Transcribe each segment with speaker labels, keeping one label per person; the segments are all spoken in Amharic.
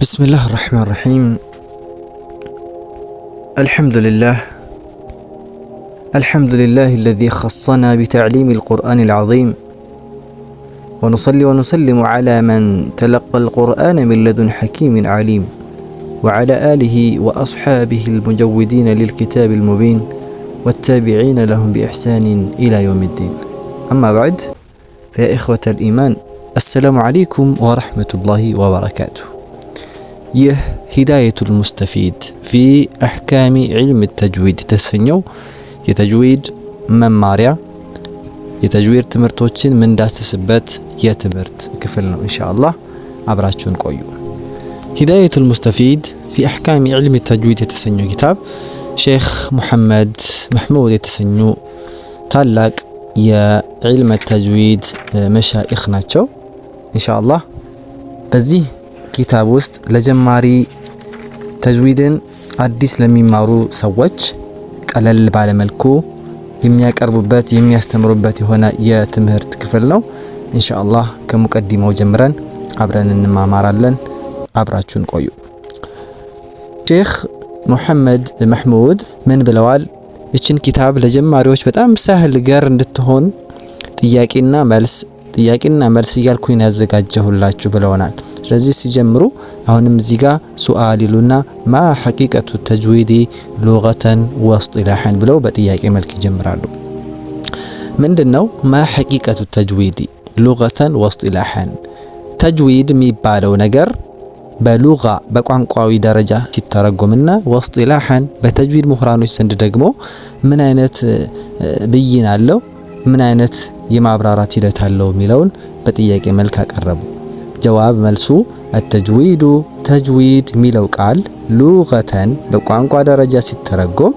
Speaker 1: بسم الله الرحمن الرحيم الحمد لله الحمد لله الذي خصنا بتعليم القرآن العظيم ونصلي ونسلم على من تلقى القرآن من لدن حكيم عليم وعلى آله وأصحابه المجودين للكتاب المبين والتابعين لهم بإحسان إلى يوم الدين أما بعد فيا إخوة الإيمان السلام عليكم ورحمة الله وبركاته
Speaker 2: ይህ ሂዳየቱል ሙስተፊድ ፊ አሕካሚ ዒልም ተጅዊድ የተሰኘው የተጅዊድ መማሪያ የተጅዊድ ትምህርቶችን ምንዳስስበት የትምህርት ክፍል ነው። እንሻ አላህ አብራችሁን ቆዩ። ሂዳየቱል ሙስተፊድ ፊ አሕካሚ ዒልም ተጅዊድ የተሰኘው ኪታብ ሼክ ሙሐመድ መሕሙድ የተሰኙ ታላቅ የዒልመ ተጅዊድ መሻኢኽ ናቸው። እንሻ አላህ በዚህ ኪታብ ውስጥ ለጀማሪ ተጅዊድን አዲስ ለሚማሩ ሰዎች ቀለል ባለመልኩ የሚያቀርቡበት የሚያስተምሩበት የሆነ የትምህርት ክፍል ነው። ኢንሻአላህ ከሙቀዲማው ጀምረን አብረን እንማማራለን። አብራችሁን ቆዩ። ሼክ ሙሐመድ መሕሙድ ምን ብለዋል? ይችን ኪታብ ለጀማሪዎች በጣም ሳህል ገር እንድትሆን ጥያቄና መልስ ጥያቄና መልስ እያልኩኝ ነው ያዘጋጀሁላችሁ ብለውናል። ስለዚህ ሲጀምሩ አሁንም እዚህ ጋር ሱአል ይሉና ማ ሐቂቀቱ ተጅዊዲ ሉገተን ወስጢላሐን ብለው በጥያቄ መልክ ይጀምራሉ። ምንድን ነው ማ ሐቂቀቱ ተጅዊዲ ሉገተን ወስጢላሐን? ተጅዊድ የሚባለው ነገር በሉጋ በቋንቋዊ ደረጃ ሲተረጎምና ወስጢላሐን በተጅዊድ ምሁራኖች ዘንድ ደግሞ ምን አይነት ብይን አለው? ምን አይነት የማብራራት ሂደት አለው የሚለውን በጥያቄ መልክ አቀረቡ። ጀዋብ መልሱ አተጅዊዱ ተጅዊድ የሚለው ቃል ሉቀተን በቋንቋ ደረጃ ሲተረጎም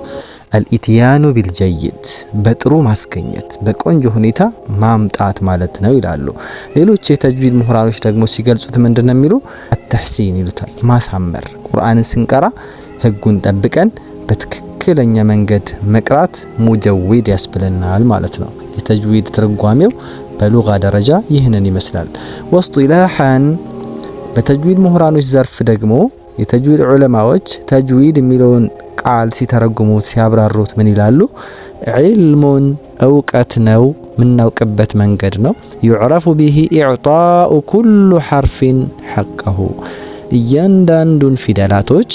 Speaker 2: አልኢትያኑ ቢልጀይድ በጥሩ ማስገኘት በቆንጆ ሁኔታ ማምጣት ማለት ነው ይላሉ። ሌሎች የተጅዊድ ምሁራኖች ደግሞ ሲገልጹት ምንድን ነው የሚሉ አተሕሲን ይሉታል፣ ማሳመር ቁርአንን ስንቀራ ህጉን ጠብቀን በትክክለኛ መንገድ መቅራት ሙጀዊድ ያስብለናል ማለት ነው። የተጅዊድ ትርጓሜው በሉጋ ደረጃ ይህንን ይመስላል። ወስጢላሐን በተጅዊድ ምሁራኖች ዘርፍ ደግሞ የተጅዊድ ዑለማዎች ተጅዊድ የሚለውን ቃል ሲተረጉሙት ሲያብራሩት ምን ይላሉ? ዒልሙን እውቀት ነው፣ የምናውቅበት መንገድ ነው። ዩዕረፉ ብሂ ኢዕጣኡ ኩሉ ሐርፊን ሐቀሁ እያንዳንዱን ፊደላቶች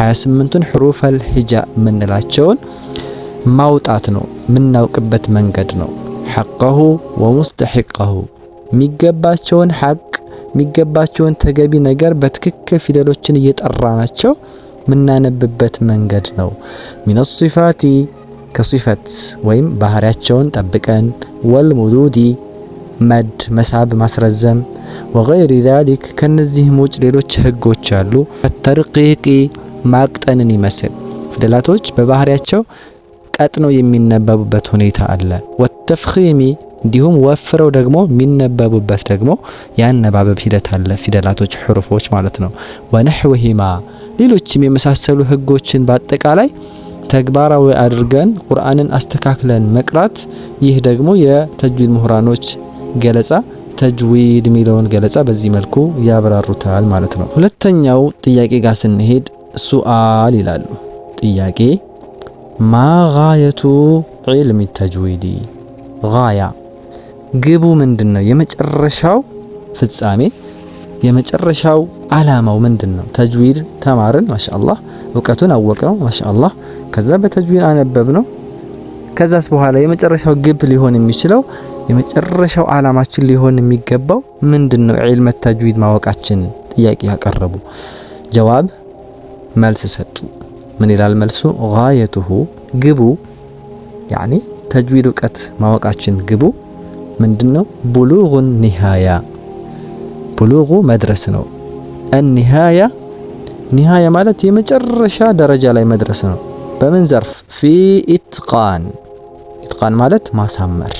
Speaker 2: 28ቱን ሕሩፈል ሂጃ የምንላቸውን ማውጣት ነው፣ የምናውቅበት መንገድ ነው። ሐቀሁ ወሙስተሒቀሁ የሚገባቸውን ሐቅ የሚገባቸውን ተገቢ ነገር በትክክል ፊደሎችን እየጠራናቸው የምናነብበት መንገድ ነው። ሚነ ሲፋቲ ከሲፈት ወይም ባህሪያቸውን ጠብቀን፣ ወልሙዱዲ መድ መሳብ ማስረዘም፣ ወገይሪ ዛሊክ ከነዚህም ውጭ ሌሎች ህጎች አሉ። ተርቂቂ ማቅጠንን ይመስል ፊደላቶች በባህሪያቸው ቀጥነው የሚነበቡበት ሁኔታ አለ። ወተፍኺሚ እንዲሁም ወፍረው ደግሞ የሚነበቡበት ደግሞ የአነባበብ ሂደት አለ። ፊደላቶች ሕሩፎች ማለት ነው። ወነሕውሂማ ሌሎችም የመሳሰሉ ህጎችን በአጠቃላይ ተግባራዊ አድርገን ቁርአንን አስተካክለን መቅራት ይህ ደግሞ የተጅዊድ ምሁራኖች ገለጻ ተጅዊድ የሚለውን ገለጻ በዚህ መልኩ ያብራሩታል ማለት ነው። ሁለተኛው ጥያቄ ጋር ስንሄድ ሱአል ይላሉ ጥያቄ ማ ጋየቱ ዒልሚ ተጅዊዲ ጋያ ግቡ ምንድን ነው? የመጨረሻው ፍጻሜ የመጨረሻው አላማው ምንድን ነው? ተጅዊድ ተማርን፣ ማሻአላህ እውቀቱን አወቅ ነው፣ ማሻአላህ ከዛ በተጅዊድ አነበብነው ከዛስ በኋላ የመጨረሻው ግብ ሊሆን የሚችለው የመጨረሻው አላማችን ሊሆን የሚገባው ምንድን ነው? ዒልመ ተጅዊድ ማወቃችን ጥያቄ ያቀረቡ ጀዋብ መልስ ሰጡ። ምን ይላል መልሱ? ጋየቱሁ ግቡ ያኒ ተጅዊድ እውቀት ማወቃችን ግቡ ምንድነው? ቡሉጉ ኒሃያ ቡሉጉ መድረስ ነው። ኒሃያ ኒሃያ ማለት የመጨረሻ ደረጃ ላይ መድረስ ነው። በምን ዘርፍ? ፊ ኢትቃን ኢትቃን ማለት ማሳመር።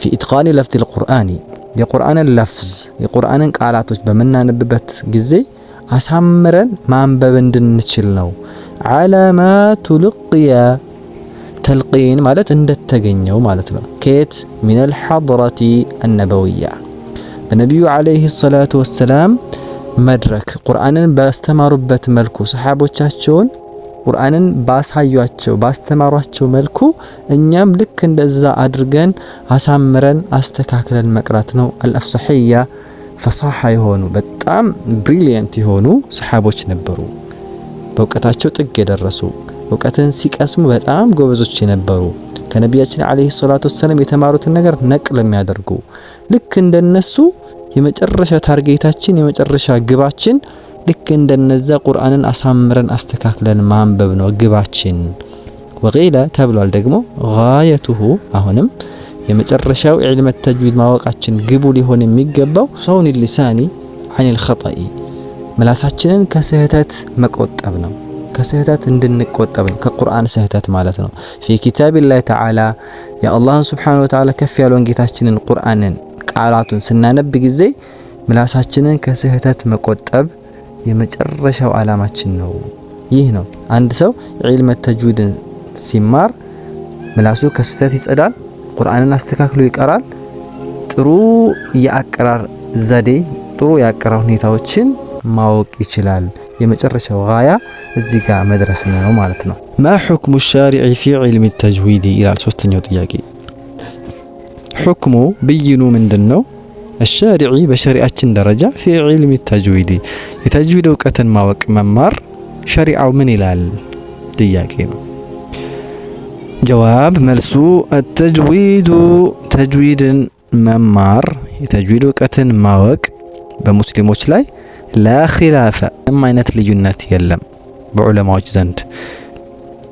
Speaker 2: ፊ ኢትቃን ለፍዝ ልቁርአኒ የቁርአንን ለፍዝ የቁርአንን ቃላቶች በምናነብበት ጊዜ አሳምረን ማንበብ እንድንችል ነው። አላማ ቱልቅያ ተልቂን ማለት እንደተገኘው ማለት ነው። ኬት ሚነል ሐድረቲ አነበውያ በነቢዩ ዓለይሂ ሰላቱ ወሰላም መድረክ ቁርአንን ባስተማሩበት መልኩ ሰሓቦቻቸውን ቁርአንን ባሳዩቸው ባስተማሯቸው መልኩ እኛም ልክ እንደዛ አድርገን አሳምረን አስተካክለን መቅራት ነው። አልአፍሳሕያ ፈሳሓ የሆኑ በጣም ብሪሊየንት የሆኑ ሰሓቦች ነበሩ። በእውቀታቸው ጥግ የደረሱ እውቀትን ሲቀስሙ በጣም ጎበዞች የነበሩ ከነቢያችን አለይሂ ሰላቱ ወሰለም የተማሩትን ነገር ነቅል የሚያደርጉ ልክ እንደነሱ የመጨረሻ ታርጌታችን የመጨረሻ ግባችን ልክ እንደነዛ ቁርአንን አሳምረን አስተካክለን ማንበብ ነው ግባችን። ወቂለ ተብሏል ደግሞ ጋየቱሁ አሁንም የመጨረሻው ዕልመት ተጅዊድ ማወቃችን ግቡ ሊሆን የሚገባው ሰውን ሊሳኒ አን ልኸጣኢ ምላሳችንን ከስህተት መቆጠብ ነው። ከስህተት እንድንቆጠብ ነው። ከቁርአን ስህተት ማለት ነው። ፊ ኪታቢላህ ተዓላ የአላህን ስብሓነሁ ወተዓላ ከፍ ያለውን ጌታችንን ቁርአንን ቃላቱን ስናነብ ጊዜ ምላሳችንን ከስህተት መቆጠብ የመጨረሻው ዓላማችን ነው። ይህ ነው አንድ ሰው ዒልመ ተጅዊድን ሲማር ምላሱ ከስህተት ይጸዳል፣ ቁርአንን አስተካክሎ ይቀራል። ጥሩ የአቀራር ዘዴ ጥሩ የአቀራር ሁኔታዎችን ማወቅ ይችላል የመጨረሻው ጋያ እዚህ ጋር መድረስ ነው ማለት الشارع ማ ሑክሙ ሻሪዒ ፊ ዕልሚ ተጅዊድ ይላል ሶስተኛው ጥያቄ ሑክሙ ብይኑ بشريعة درجة في علم التجويد يتجويد وقت ما وق ممر شريعة من إلال دياكين جواب مرسو التجويد تجويد ممار يتجويد وقت ما وق بمسلم لا خلاف ما عينت ليونات يلم بعلماء جزند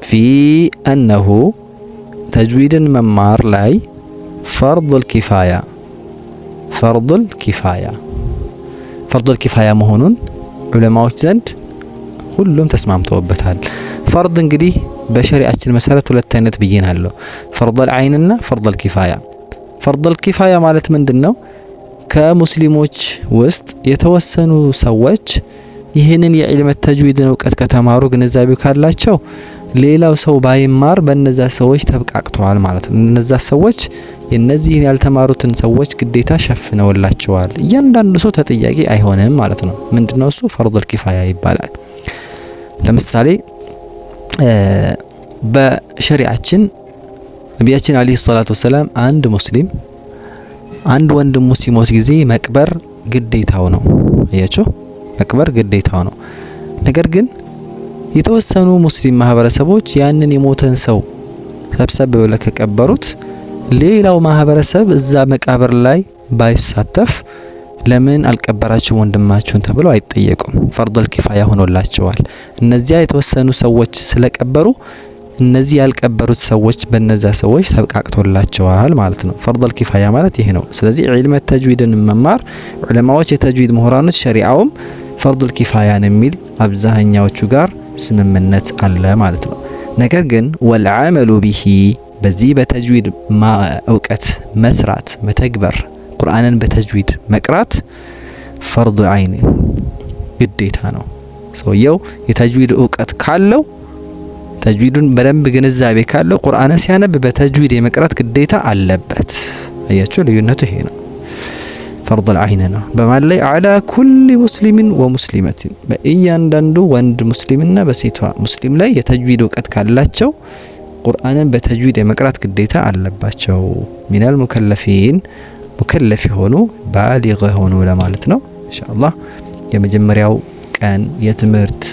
Speaker 2: في أنه تجويد ممار لاي فرض الكفاية فرض الكفاية فرض الكفاية مهونون علماء جزند كلهم تسمعهم توبتال فرض انقدي بشري أجل مسألة ولتانية بيين هلو فرض العين فرض الكفاية فرض الكفاية مالت من دنو ከሙስሊሞች ውስጥ የተወሰኑ ሰዎች ይህንን የዒልመ ተጅዊድን እውቀት ከተማሩ ግንዛቤው ካላቸው ሌላው ሰው ባይማር በነዛ ሰዎች ተብቃቅተዋል ማለት ነው። እነዛ ሰዎች የነዚህን ያልተማሩትን ሰዎች ግዴታ ሸፍነውላቸዋል። እያንዳንዱ ሰው ተጠያቂ አይሆንም ማለት ነው። ምንድነው እሱ ፈርዱል ኪፋያ ይባላል። ለምሳሌ በሸሪዓችን ነቢያችን አለይሂ ሰላቱ ወሰላም አንድ ሙስሊም አንድ ወንድሙ ሲሞት ጊዜ መቅበር ግዴታው ነው። አያችሁ፣ መቅበር ግዴታው ነው። ነገር ግን የተወሰኑ ሙስሊም ማህበረሰቦች ያንን የሞተን ሰው ሰብሰብ ብለው ከቀበሩት ሌላው ማህበረሰብ እዛ መቃብር ላይ ባይሳተፍ ለምን አልቀበራችሁም ወንድማችሁን ተብለው አይጠየቁም። ፈርዶል ኪፋያ ሆኖላቸዋል። እነዚያ የተወሰኑ ሰዎች ስለቀበሩ እነዚህ ያልቀበሩት ሰዎች በነዛ ሰዎች ተብቃቅቶላቸዋል ማለት ነው። ፈርዶል ኪፋያ ማለት ይሄ ነው። ስለዚህ ዒልመ ተጅዊድን መማር ዑለማዎች፣ የተጅዊድ ምሁራኖች፣ ሸሪአውም ፈርዶል ነው የሚል አብዛኛዎቹ ጋር ስምምነት አለ ማለት ነው። ነገር ግን ወልዓመሉ ቢሂ በዚህ በተጅዊድ እውቀት መስራት መተግበር፣ ቁርአንን በተጅዊድ መቅራት ፈርዱ አይን ግዴታ ነው። ሰውየው የተጅዊድ እውቀት ካለው ተጅዊዱን በደንብ ግንዛቤ ካለው ቁርአንን ሲያነብ በተጅዊድ የመቅራት ግዴታ አለበት። አያችሁ ልዩነቱ ይሄ ነው። ፈርዱል አይን ነው በማን ላይ አላ ኩሊ ሙስሊምን ወሙስሊመቲን በእያንዳንዱ ወንድ ሙስሊምና በሴቷ ሙስሊም ላይ የተጅዊድ እውቀት ካላቸው ቁርአንን በተጅዊድ የመቅራት ግዴታ አለባቸው። ሚናል ሙከለፊን ሙከለፍ የሆኑ ባሊግ የሆኑ ለማለት ነው። ኢንሻአላህ የመጀመሪያው ቀን የትምህርት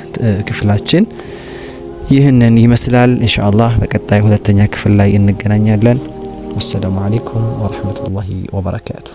Speaker 2: ክፍላችን ይህንን ይመስላል። ኢንሻአላህ በቀጣይ ሁለተኛ ክፍል ላይ እንገናኛለን። ወሰላሙ አለይኩም ወረህመቱላሂ ወበረካቱ።